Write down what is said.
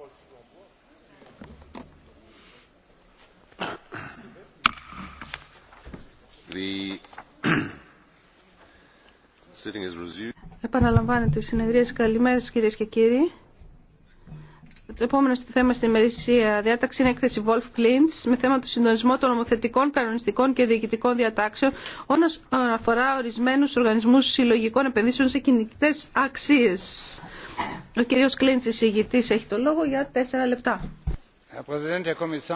Επαναλαμβάνεται η συνεδρία. Καλημέρα σα, και κύριοι. Το επόμενο θέμα στην ημερησία διάταξη είναι έκθεση Wolf Klintz με θέμα του συντονισμού των νομοθετικών, κανονιστικών και διοικητικών διατάξεων όσον αφορά ορισμένου οργανισμού συλλογικών επενδύσεων σε κινητές αξίες. Ο κύριος Κλίντς, εισηγητής, έχει το λόγο για τέσσερα λεπτά.